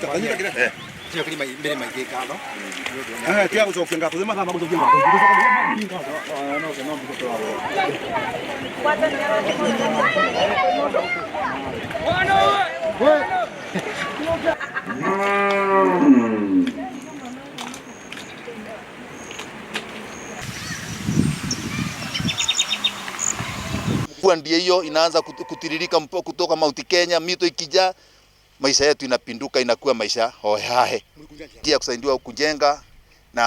mbere maingä ngatho hiyo inaanza kutiririka kutoka Mount Kenya mito ikija maisha yetu inapinduka, inakuwa maisha hohehahe. Pia kusaidiwa kujenga na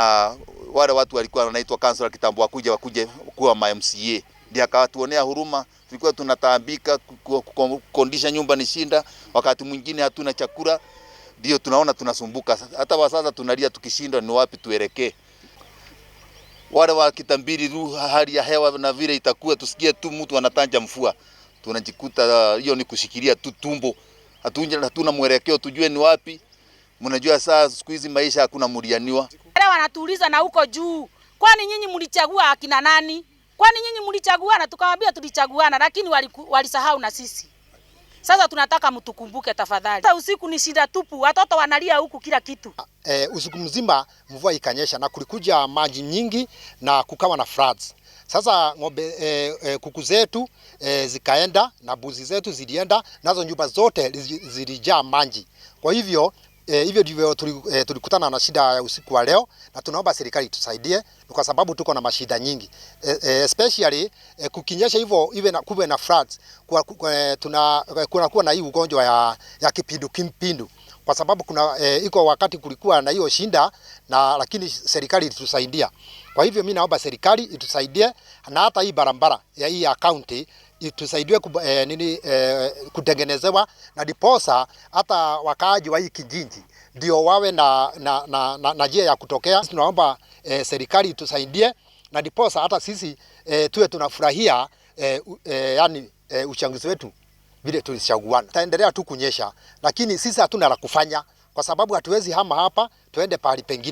wale watu walikuwa wanaitwa kansela kitambo, wakuja wakuje kuwa ma MCA, ndio akawatuonea huruma. Tulikuwa tunataabika kukondisha nyumba ni shinda, wakati mwingine hatuna chakula, ndio tunaona tunasumbuka. Hata wa sasa tunalia tukishindwa, ni wapi tuelekee. Wale wa kitambiri ru hali ya hewa na vile itakuwa, tusikie tu mtu anatanja mfua, tunajikuta ah, hiyo ni kushikilia tu tumbo hatuja hatuna mwelekeo, tujue ni wapi. Mnajua saa siku hizi maisha hakuna mulianiwa, wanatuuliza na huko juu, kwani nyinyi mlichagua akina nani? Kwani nyinyi mlichaguana? Tukamwambia tulichaguana, lakini walisahau na sisi. Sasa tunataka mtukumbuke tafadhali. Hata usiku ni shida tupu, watoto wanalia huku kila kitu. Ah, eh, usiku mzima mvua ikanyesha na kulikuja maji nyingi na kukawa na floods. Sasa ng'ombe e, e, kuku zetu e, zikaenda na buzi zetu zilienda nazo, nyumba zote zilijaa maji. Kwa hivyo e, hivyo ndivyo tulikutana na shida ya usiku wa leo, na tunaomba serikali tusaidie kwa sababu tuko na mashida nyingi e, e, especially e, kukinyesha hivyo iwe na kuwe na floods kwa, kwa, tuna kuna kuwa na hii ugonjwa ya, ya kimpindu kwa sababu kuna e, iko wakati kulikuwa na hiyo shida na lakini serikali ilitusaidia. Kwa hivyo mimi naomba serikali itusaidie na hata hii barabara ya hii akaunti itusaidie kub, eh, nini eh, kutengenezewa na diposa hata wakaaji wa hii kijiji ndio wawe na na, na, na, na njia ya kutokea. tunaomba eh, serikali itusaidie na diposa hata sisi eh, tuwe tunafurahia eh, eh, yani eh, uchaguzi wetu vile tulichaguana Taendelea tu kunyesha, lakini sisi hatuna la kufanya kwa sababu hatuwezi hama hapa tuende pahali pengine.